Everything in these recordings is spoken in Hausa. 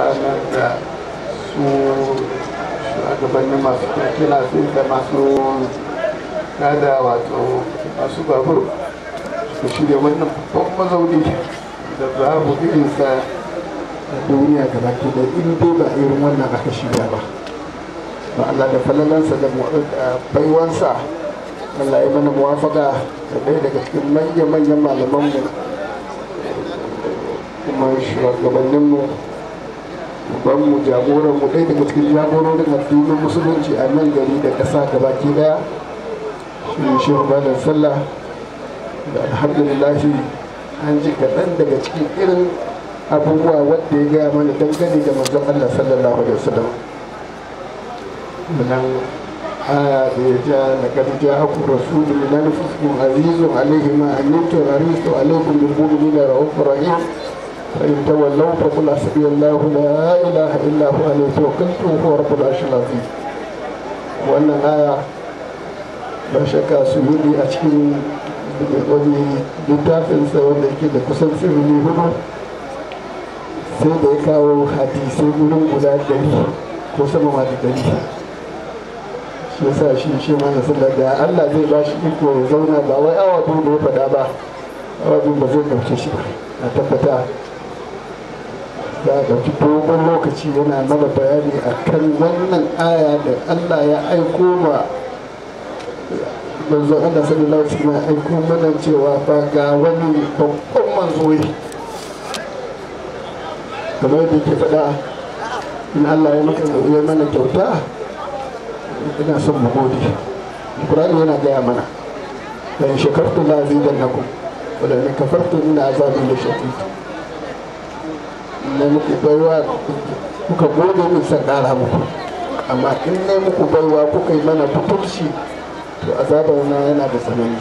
ranar da su shugabannin masu sun da masu kada wato masu babur su shirya wannan babban mazauni da babu irinsa a duniya gaba ke da in dai ba irin wannan aka shirya ba ba Allah da falalansa da baiwansa Allah ya mana muwafaka da ɗaya daga cikin manya manyan malamanmu kuma shugabanninmu ban mu jagoran mu ɗaya daga cikin jagororin addinin musulunci a nan gari da ƙasa baki ɗaya shi shehu malam sallah da alhamdulillah an ji kaɗan daga cikin irin abubuwa wadda ya gaya mana dangane da manzon Allah sallallahu alaihi wasallam nan aya da ya ja da kadija aku rasulu min anfusikum azizu alaihi ma antum harisu alaikum da mu'minina rahim فإن تولوا فقل حسبي الله لا إله إلا هو عليه توكلت وهو رب العرش العظيم وأن الآية لا شك سيودي أشكي wani littafin sa wanda yake da kusan sirri hudu sai da ya kawo hadisai wurin guda dari ko sama ma da dari shi yasa shi shi ma na sallar da Allah zai ba shi iko ya zauna ba wai awa biyu da ya faɗa ba awa biyu ba zai ɗauke shi ba a tabbata za a ɗauki dogon lokaci yana mana bayani a kan wannan aya da allah ya aiko ma manzo allah sallallahu alaihi wasallam aiko mana cewa ba ga wani babban manzo kamar da ke faɗa in allah ya maka ya mana kyauta ina son mu gode kurani yana gaya mana la in shakartu la azidannakum wa la in kafartu inna azabi lashadid na muku baiwa kuka gode min san ƙara muku amma in na muku baiwa kuka yi mana butulci to azabar na yana da tsanani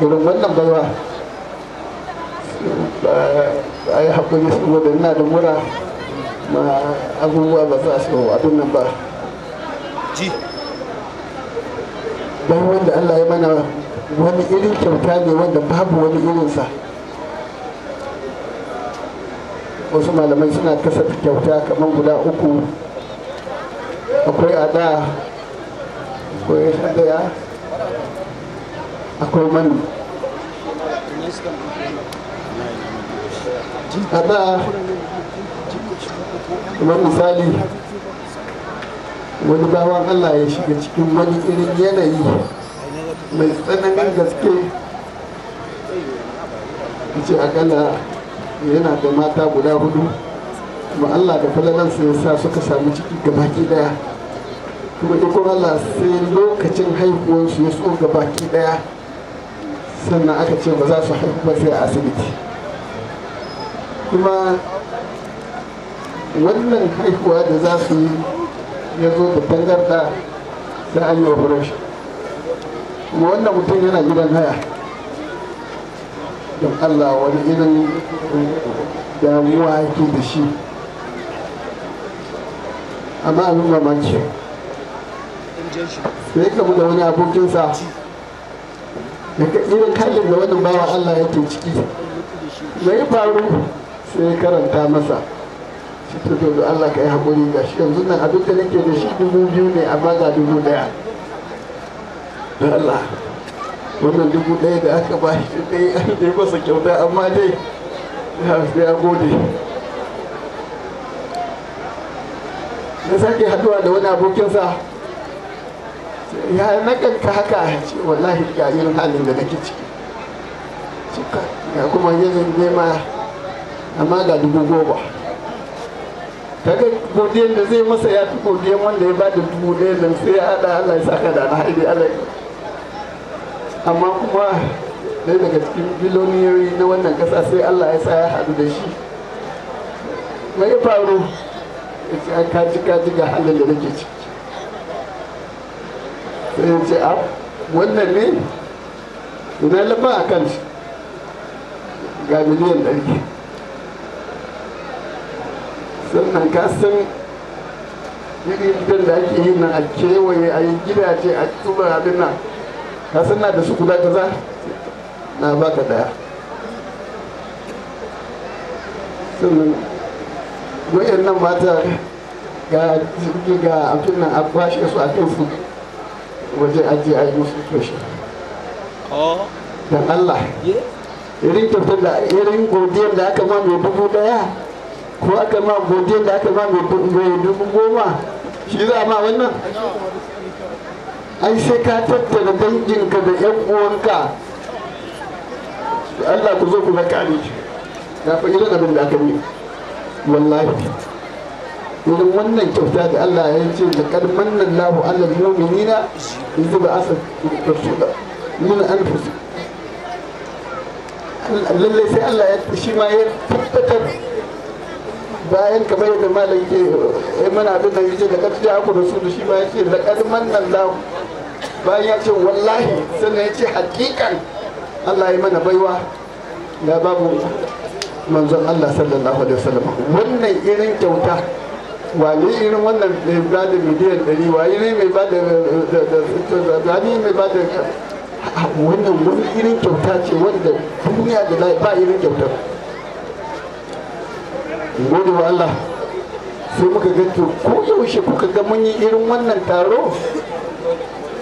irin wannan baiwa a yi haƙuri saboda ina da mura ma abubuwa ba za su abin nan ba ji baiwan da allah ya mana wani irin kyauta ne wanda babu wani irinsa wasu malamai suna kasa kyauta kamar guda uku akwai ada akwai ɗaya akwai mani ada kamar misali wani bawan allah ya shiga cikin wani irin yanayi mai tsananin gaske ce akalla yana da mata guda hudu kuma Allah da falalansa ya sa suka samu ciki gabaki daya kuma iko Allah sai lokacin haihuwarsu ya so gabaki daya sannan aka ce ba za su haihu ba sai a asibiti kuma wannan haihuwa da za su yi ya zo da tangarda sai an yi operation kuma wannan mutum yana gidan haya don allah wani irin damuwa yake da shi amma abin mamaki sai kamu da wani abokinsa daga irin kallon da wani bawa allah yake ciki mai faru sai karanta masa shi ta zo allah ka yi haƙuri ga shi yanzu nan abin da nake da shi dubu biyu ne amma ga dubu daya Allah wannan dubu ɗaya da aka ba shi ɗaya an dai masa kyauta amma dai ya gode na sake haduwa da wani abokinsa ya na nakanka haka ce wallahi ga irin halin da nake ciki cika ga kuma yanayin nema amma ga dubu goma daga godiyar da zai masa ya fi godiyar wanda ya ba da dubu ɗaya nan sai ya haɗa allah ya saka da na haɗe allah amma kuma ɗaya daga cikin biloniyoyi na wannan kasa sai allah ya tsaya haɗu da shi mai ya faru ya ce an kaji kaji ga halin da nake ciki sai ya ce a wannan ne ina lafa a kan shi ga miliyan ɗari sannan ka san irin da ake yi na a kewaye a yi gidaje a tuba abin nan ka san na da su guda kaza na baka daya sannan wayan nan mata ga jirgi ga abin nan an bashe su a kan su waje aje a yi musu toshe oh. don Allah irin kyautar da irin godiyar da aka ma mai dubu daya ko aka ma godiyar da aka ma mai dubu goma shi za a ma wannan ai sai ka tattara danginka da yan uwanka Allah ku zo ku zaka ne shi na fa irin abin da aka yi wallahi irin wannan kyauta da Allah ya ce da karman nan lahu Allah mu'minina yanzu ba asa da min anfus lallai sai Allah ya shi ma ya tabbatar bayan kamar yadda malam ke yi eh, mana abin da yake da kafin aku da su da shi ma yake da kalman nan da bayan ya ce wallahi sannan ya ce hakikan Allah ya mana baiwa da babu manzon Allah sallallahu alaihi wasallam wannan irin kyauta wani irin wannan mai ba da miliyan ɗari wani ne mai ba da wani mai ba da wannan wani irin kyauta ce wanda duniya da ba irin kyautar gode wa Allah sai muka ga to ko yaushe kuka ga mun yi irin wannan taro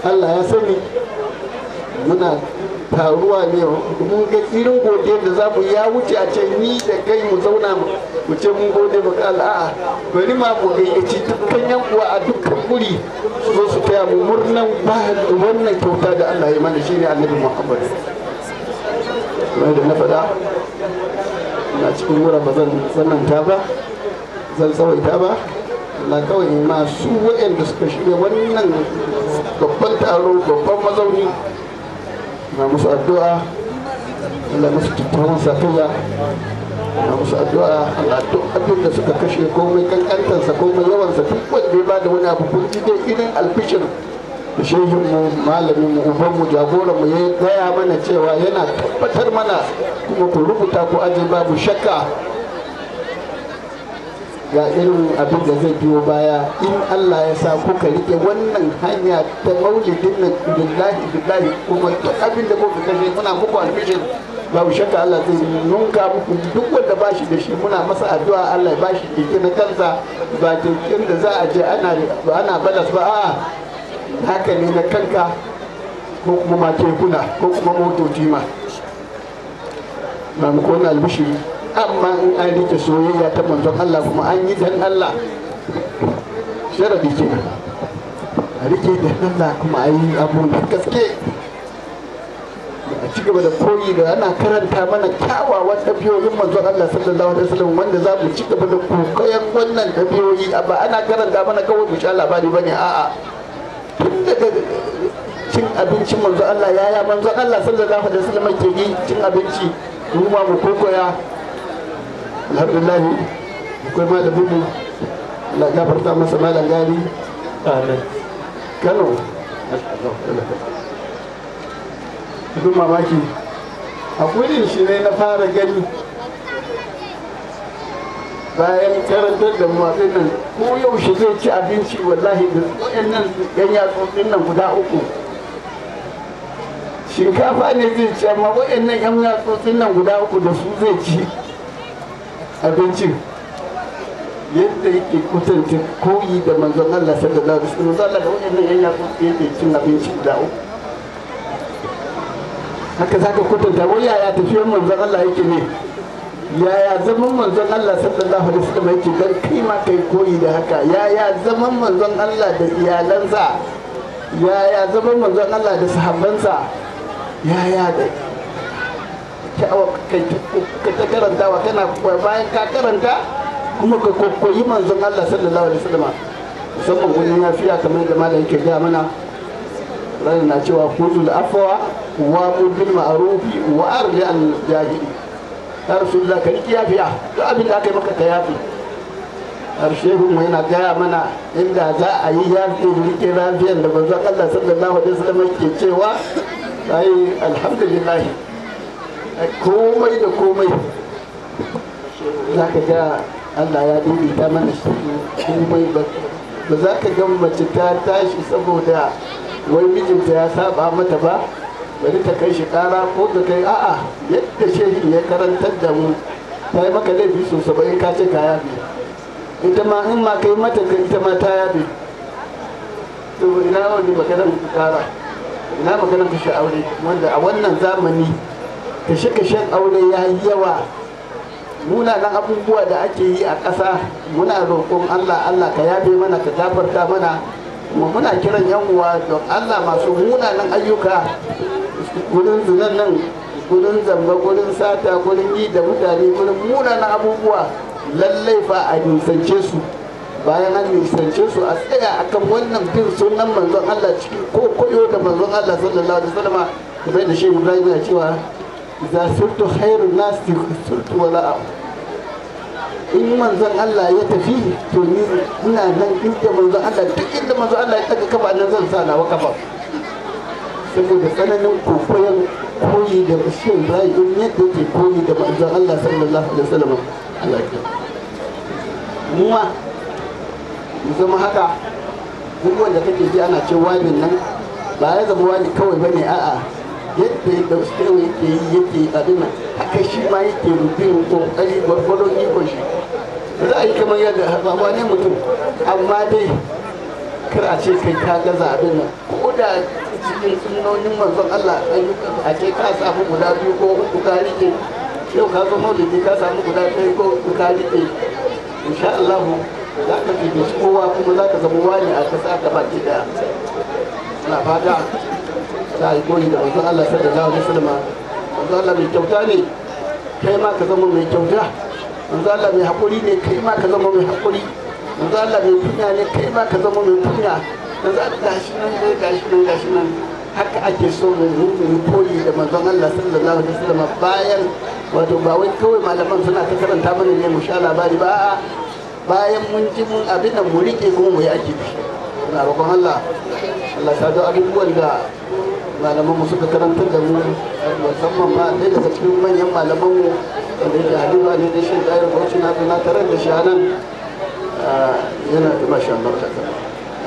Allah ya sani muna taruwa ne mun ga irin gode da za mu ya wuce a ce ni da kai mu zauna mu ce mun gode mu ka a'a bari ma mu gayyaci dukkan yan uwa a dukkan guri su su taya mu murnan wannan kyauta da Allah ya mana shine Annabi Muhammad kamar da na faɗa cikin wurin ba zan tsananta ba zan tsawaita ba na kawai masu waɗanda suka shirya wannan babban taro babban mazauni na musu addu'a Allah musu kyakkyawan sakayya na musu addu'a Allah duk abin da suka kashe komai kankantansa komai yawansa duk wanda ya bada wani abu kun ji dai irin alfishin da shehinmu malaminmu ubanmu jagoranmu ya gaya mana cewa yana tabbatar mana kuma ku rubuta ku aje babu shakka ga irin abin da zai biyo baya in Allah ya sa kuka rike wannan hanya ta maulidin nan billahi billahi kuma duk abin da kuka kashe muna muku almishin babu shakka Allah zai nunka muku duk wanda ba shi da shi muna masa addu'a Allah ya ba shi na kansa ba jinkin da za a je ana balas ba a'a haka ne na kanka ko kuma kula ko kuma motoci ma mamu ko na albishiri amma in an rike soyayya ta manzon Allah kuma an yi dan Allah sharadi ke a rike dan Allah kuma a yi abu da gaske a ci gaba da koyi da ana karanta mana kyawawan ɗabiyoyin manzon Allah sallallahu alaihi wasallam wanda za mu ci gaba da kokayen wannan ɗabiyoyi ba ana karanta mana kawai mu sha labari bane a'a jaddada cin abincin manzo Allah yaya manzo Allah sallallahu alaihi wasallam ke yi cin abinci mu mu kokoya alhamdulillah akwai malamin mu Allah masa malam gari amin Kano mamaki shi ne na fara gani bayan karantar da mu nan ko yau shi zai ci abinci wallahi da waɗannan yan yatsotsin nan guda uku shinkafa ne zai ci amma waɗannan yan yatsotsin nan guda uku da su zai ci abincin yadda yake kutanta koyi da manzon Allah sallallahu alaihi wasallam Allah da waɗannan yan yatsotsin yake cin abinci guda uku haka zaka kutanta wai yaya tafiyar manzon Allah yake ne yaya zaman manzon Allah sallallahu alaihi wasallam yake dan kima kai koyi da haka yaya zaman manzon Allah da iyalansa yaya zaman manzon Allah da sahabbansa yaya da ka ta karantawa kana bayan ka karanta kuma ka koyi manzon Allah sallallahu alaihi wasallam musamman ya fiya kamar da malam yake ga mana ranar na cewa kuzul afwa wa bil ma'ruf wa arji al jahili ya rasulullah ka riki yafiya duk abin da aka yi maka ka yafi arshehun mai yana gaya mana inda za a yi yafi rike biyan da manzon Allah sallallahu alaihi wasallam ke cewa ai alhamdulillah komai da komai za ka ga Allah ya ta mana shi komai ba ba za ka ga mace ta tashi saboda wai mijinta ya saba mata ba bari ta kai shi kara ko ta kai a'a yadda shehi ya karantar da mu ta yi maka laifi so saba'in ka ce ka yabe ita ma in ma kai mata ka ita ma ta yabe to ina wani maganar ku kara ina maganar ku aure wanda a wannan zamani kashe kashen aure ya yi yawa munanan abubuwa da ake yi a ƙasa muna roƙon allah allah ka yafe mana ka gafarta mana muna kiran yan uwa don allah masu munanan ayyuka gurin zunan nan gurin zamba gurin sata gurin yi da mutane muna munanan abubuwa lallai fa a nisance su bayan an nisance su a tsaya akan wannan bin sunan manzon Allah cikin ko koyo da manzon Allah sallallahu alaihi wasallam kamar da shehu Ibrahim ya cewa za surtu khairu nas sultu wala in manzon Allah ya tafi to ni ina nan inda manzon Allah duk inda manzon Allah ya tafi kafa nan zan sa na wakafa saboda tsananin kokoyar koyi da shin ra'ayin yadda ke koyi da manzon Allah sallallahu alaihi wasallam alaka muwa mu zama haka duk wanda kake ji ana ce wani nan ba ya zama wani kawai ba ne a'a yadda ya dauki kawai yake yi yake abin nan haka shi ma yake rubin kokari gwargwadon ikon shi za a yi kamar yadda ba ne mutum amma dai kar a ce kai ka gaza abin nan ko da cikin sunonin manzon Allah a ke ka samu guda biyu ko uku ka rike yau ka zo maulidi ka samu guda biyu ko uku ka rike insha Allah za ka bibici kowa kuma za ka zama wani a ka kasa ta baki da na fata za a yi koyi da manzon Allah sallallahu alaihi wasallam manzon Allah mai kyauta ne kai ma ka zama mai kyauta manzon Allah mai hakuri ne kai ma ka zama mai hakuri manzon Allah mai kunya ne kai ma ka zama mai kunya da za ta shi nan dai gashi nan gashi nan haka ake so mu yi koyi da manzon Allah sallallahu alaihi wasallam bayan wato ba wai kawai malaman suna ta karanta mana ne mu sha labari ba bayan mun ji mun abin da mu rike kuma mu yi aiki da shi ina roƙon Allah Allah ta ga abubuwan da malaman mu suka karantar da mu musamman ma dai daga cikin manyan malaman mu wanda yake halifa ne da shi da ya rubuta na tarar da shi a nan yana da mashin ta.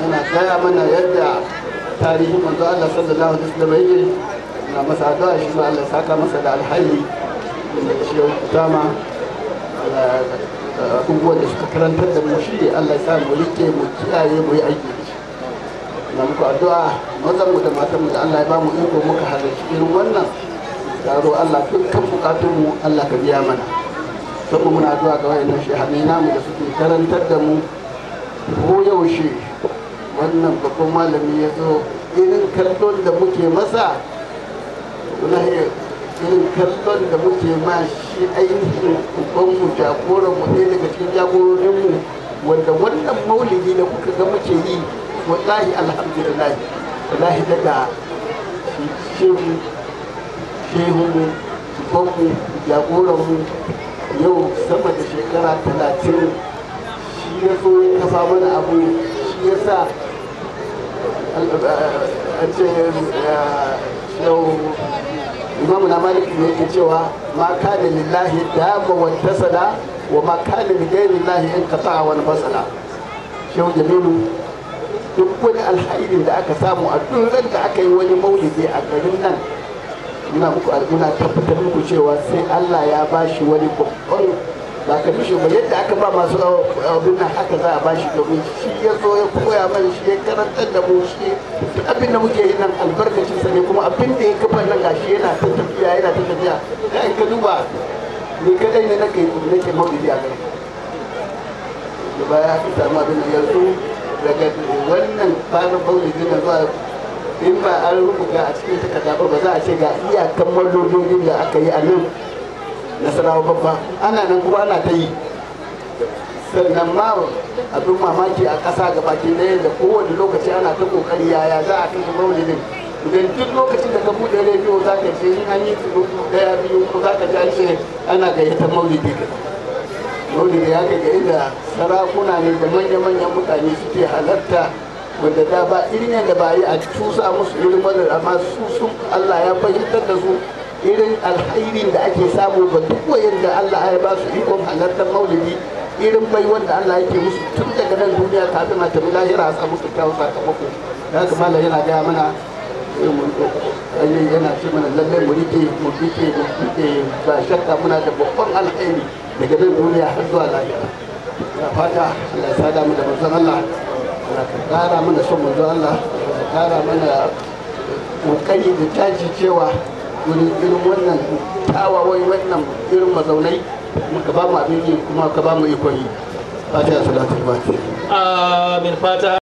tana gaya mana yadda tarihin manzo Allah sallallahu alaihi wasallam yake na masa da shi ma Allah saka masa da alhaji da shi dama eh, abubuwan da suka karantar da mu shi Allah ya sa mu rike mu kiyaye mu yi aiki na muku addu'a mazan mu da matan mu da Allah ya ba mu iko muka halarci irin wannan taro Allah dukkan bukatun mu Allah ka biya mana saboda muna addu'a ga wayannan shehannai namu da suke karantar da mu ko yaushe wannan babban malami ya zo irin kallon da muke masa wallahi irin kallon da muke ma shi ainihin jagoran jagoranmu ɗaya daga cikin mu wanda wannan maulidi da kuka ga muke yi wallahi alhamdulillah wallahi daga shehu mu jagoran jagoranmu yau sama da shekara talatin shi ya so ya kafa mana abu shi ya sa Eh, imamu na maliki ne yake cewa ma kana lillahi dama wa tasala wa ma kana li ghairi llahi in qata'a wa fasala shehu jamilu duk wani alhairin da aka samu a duk da aka yi wani maulidi a garin nan muna muku tabbatar muku cewa sai Allah ya bashi wani babban ba ka bishe ba yadda aka ba masu abin nan haka za a ba shi domin shi ya zo ya koya mana shi ya karantar da mu shi abin da muke yi nan albarkacin sa ne kuma abin da ya kafa nan yana ta tafiya yana ta tafiya da ka duba ni kadai ne nake nake ne a gari da baya samu abin da yanzu daga wannan fara bauli gina zuwa in ba an rubuta a cikin takarda ba za a ce ga iyakan mallolin da aka yi a nan nasarawa babba ana nan kuma ana ta yi sannan ma abin mamaki a ƙasa gabaki ɗaya da kowane lokaci ana ta ƙoƙari yaya za a kashe maulidin idan duk lokacin da ka buɗe rediyo za ka ce an yi tsoro ɗaya biyu ko za ka ji an ce ana gayyatar maulidi maulidi ya kai ga inda sarakuna ne da manya-manyan mutane suke halarta wanda da ba irin yadda ba yi a cusa musu irin wannan amma su sun Allah ya fahimtar da su irin alhairin da ake samu ba duk wayanda Allah ya ba su ikon halartar maulidi irin bai wanda Allah yake musu tun daga nan duniya kafin a tafi lahira a samu kyakkyawan sakamako ya kamala yana gaya mana eh, yana ce mana lallai mu rike mu rike mu rike ba shakka muna da babban alkhairi daga nan duniya har zuwa lahira na fata Allah ya sada mu da manzon Allah Allah ka kara mana son manzon Allah ka kara mana kokari eh, da taji cewa wurin irin wannan tawawai wannan irin mazaunai muka ba mu abin yi kuma ka ba mu ikon yi fatiha amin